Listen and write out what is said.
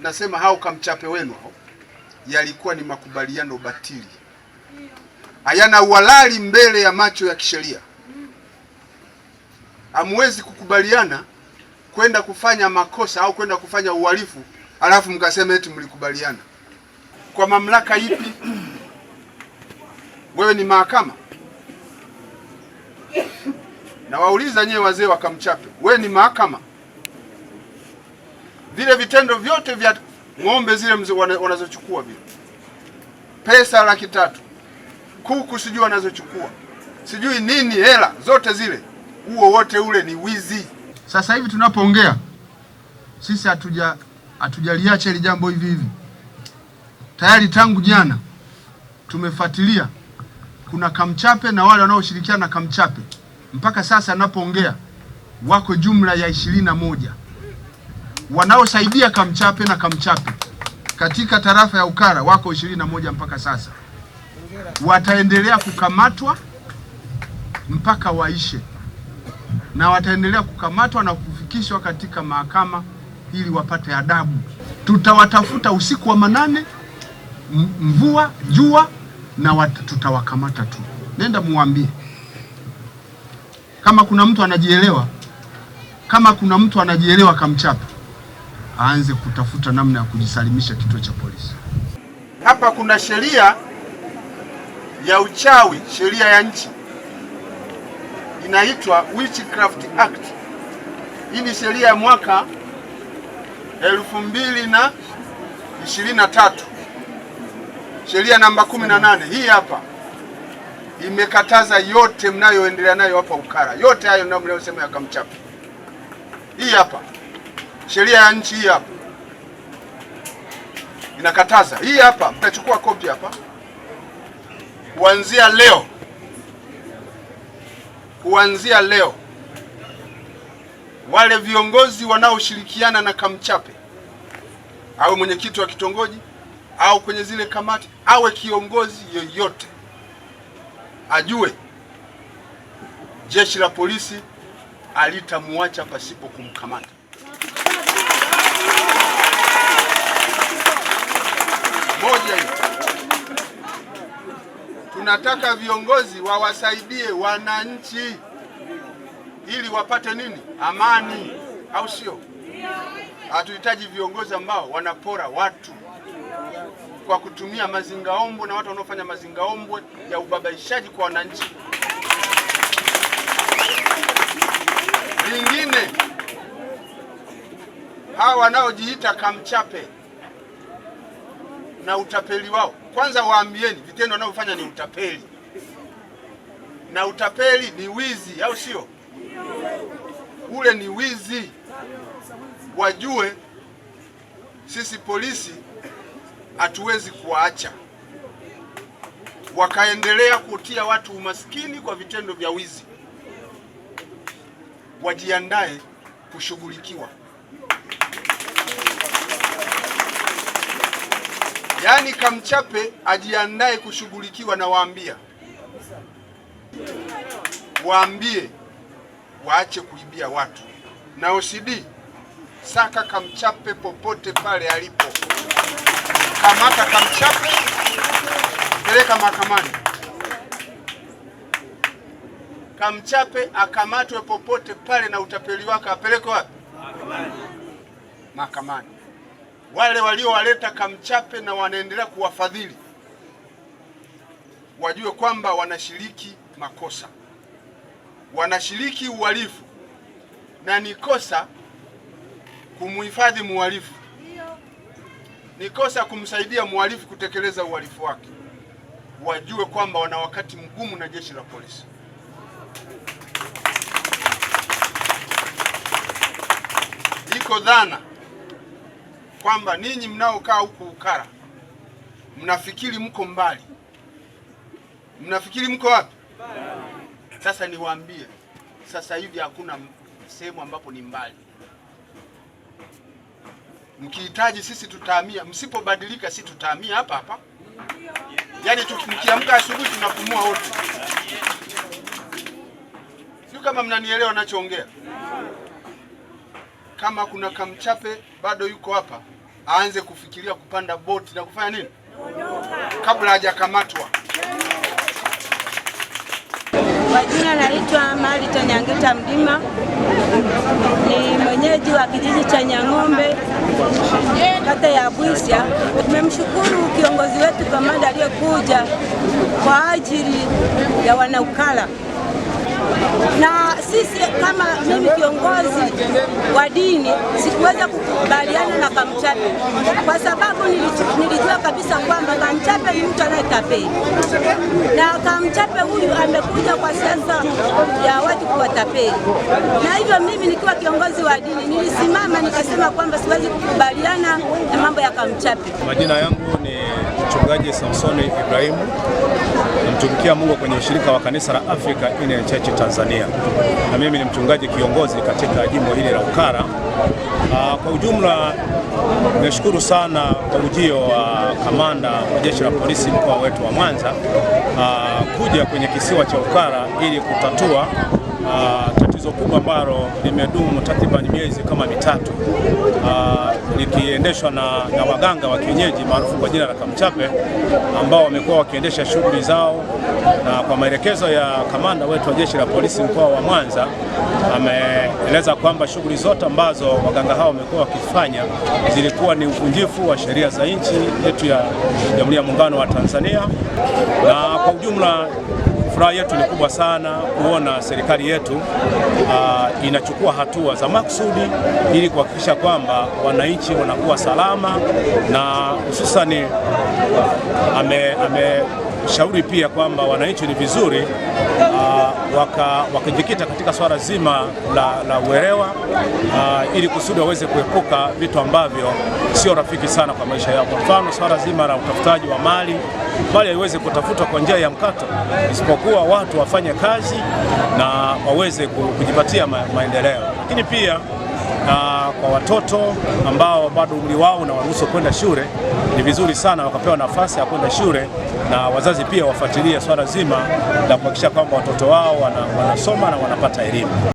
nasema hao kamchape wenu hao, yalikuwa ni makubaliano batili, hayana uhalali mbele ya macho ya kisheria. Hamwezi kukubaliana kwenda kufanya makosa au kwenda kufanya uhalifu alafu mkasema eti mlikubaliana. Kwa mamlaka ipi? Wewe ni mahakama? Nawauliza nyewe wazee wakamchape, wewe ni mahakama? vile vitendo vyote vya ng'ombe zile wanazochukua vile, pesa laki tatu, kuku sijui wanazochukua sijui nini, hela zote zile, huo wote ule ni wizi. Sasa hivi tunapoongea sisi hatuja hatujaliacha ile jambo hivi hivi, tayari tangu jana tumefuatilia. Kuna Kamchape na wale wanaoshirikiana na Kamchape mpaka sasa napoongea wako jumla ya ishirini na moja wanaosaidia Kamchape na Kamchape katika tarafa ya Ukara wako ishirini na moja mpaka sasa, wataendelea kukamatwa mpaka waishe, na wataendelea kukamatwa na kufikishwa katika mahakama ili wapate adabu. Tutawatafuta usiku wa manane, mvua, jua na tutawakamata tu. Nenda muambie, kama kuna mtu anajielewa, kama kuna mtu anajielewa Kamchape aanze kutafuta namna ya kujisalimisha kituo cha polisi. Hapa kuna sheria ya uchawi, sheria ya nchi inaitwa Witchcraft Act. Hii ni sheria ya mwaka elfu mbili na ishirini na tatu, sheria namba kumi na nane. Hii hapa imekataza yote mnayoendelea nayo hapa ukara, yote hayo mnayosema yakamchapa. Hii hapa Sheria ya nchi hii hapa inakataza, hii hapa mtachukua kopi hapa, kuanzia leo, kuanzia leo wale viongozi wanaoshirikiana na Kamchape, awe mwenyekiti wa kitongoji au kwenye zile kamati, awe kiongozi yoyote, ajue jeshi la polisi alitamuacha pasipo kumkamata. moja Tunataka viongozi wawasaidie wananchi ili wapate nini? Amani, au sio? Hatuhitaji viongozi ambao wanapora watu kwa kutumia mazingaombwe na watu wanaofanya mazingaombwe ya ubabaishaji kwa wananchi. Lingine hawa wanaojiita kamchape na utapeli wao. Kwanza waambieni vitendo wanavyofanya ni utapeli, na utapeli ni wizi, au sio? Ule ni wizi. Wajue sisi polisi hatuwezi kuwaacha wakaendelea kutia watu umaskini kwa vitendo vya wizi, wajiandae kushughulikiwa. yaani kamchape ajiandae kushughulikiwa, na waambia waambie waache kuibia watu, na OCD saka kamchape popote pale alipo, kamata kamchape, peleka mahakamani, kamchape akamatwe popote pale na utapeli wake apelekwe wapi? Mahakamani wale waliowaleta Kamchape na wanaendelea kuwafadhili wajue kwamba wanashiriki makosa, wanashiriki uhalifu, na ni kosa kumhifadhi muhalifu, ni kosa kumsaidia muhalifu kutekeleza uhalifu wake. Wajue kwamba wana wakati mgumu na jeshi la polisi. Iko dhana kwamba ninyi mnaokaa huku Ukara mnafikiri mko mbali, mnafikiri mko wapi? Sasa niwaambie, sasa hivi hakuna sehemu ambapo ni mbali. Mkihitaji sisi tutahamia, msipobadilika sisi tutahamia hapa hapa. Yaani mkiamka asubuhi tunapumua wote, sio kama mnanielewa nachoongea. Kama kuna kamchape bado yuko hapa aanze kufikiria kupanda boti na kufanya nini kabla hajakamatwa. Kwa jina naitwa Mali cha Mlima, ni mwenyeji wa kijiji cha Nyang'ombe, kata ya Bwisya. Tumemshukuru kiongozi wetu kamanda aliyekuja kwa ajili ya wanaukala na sisi kama mimi kiongozi wa dini sikuweza kukubaliana na Kamchape kwa sababu nilijua kabisa kwamba Kamchape ni mtu anayetapeli, na Kamchape huyu amekuja kwa siasa ya watu kuwatapeli, na hivyo mimi nikiwa kiongozi wa dini nilisimama nikasema kwamba siwezi kukubaliana na mambo ya Kamchape. Majina yangu ni Mchungaji Samsoni Ibrahimu, mtumikia Mungu kwenye ushirika wa kanisa la Africa Inner Church Tanzania, na mimi ni mchungaji kiongozi katika jimbo hili la Ukara. Ah, kwa ujumla, nashukuru sana kwa ujio wa kamanda wa jeshi la polisi mkoa wetu wa Mwanza ah, kuja kwenye kisiwa cha Ukara ili kutatua ah, tatizo kubwa ambalo limedumu takriban miezi kama mitatu likiendeshwa na, na waganga wa kienyeji maarufu kwa jina la Kamchape ambao wamekuwa wakiendesha shughuli zao, na kwa maelekezo ya kamanda wetu wa Jeshi la Polisi mkoa wa Mwanza ameeleza kwamba shughuli zote ambazo waganga hao wamekuwa wakifanya zilikuwa ni uvunjifu wa sheria za nchi yetu ya Jamhuri ya Muungano wa Tanzania na kwa ujumla Furaha yetu ni kubwa sana kuona serikali yetu uh, inachukua hatua za maksudi ili kuhakikisha kwamba wananchi wanakuwa salama na hususani uh, ame, ame shauri pia kwamba wananchi ni vizuri uh, wakajikita waka katika swala zima la, la uelewa uh, ili kusudi waweze kuepuka vitu ambavyo sio rafiki sana kwa maisha yao. Kwa mfano swala zima la utafutaji wa mali, mali haiwezi kutafutwa kwa njia ya mkato, isipokuwa watu wafanye kazi na waweze kujipatia ma, maendeleo, lakini pia na kwa watoto ambao bado umri wao unawaruhusu kwenda shule, ni vizuri sana wakapewa nafasi ya kwenda shule, na wazazi pia wafuatilie swala zima la kuhakikisha kwamba watoto wao wanasoma na wanapata elimu.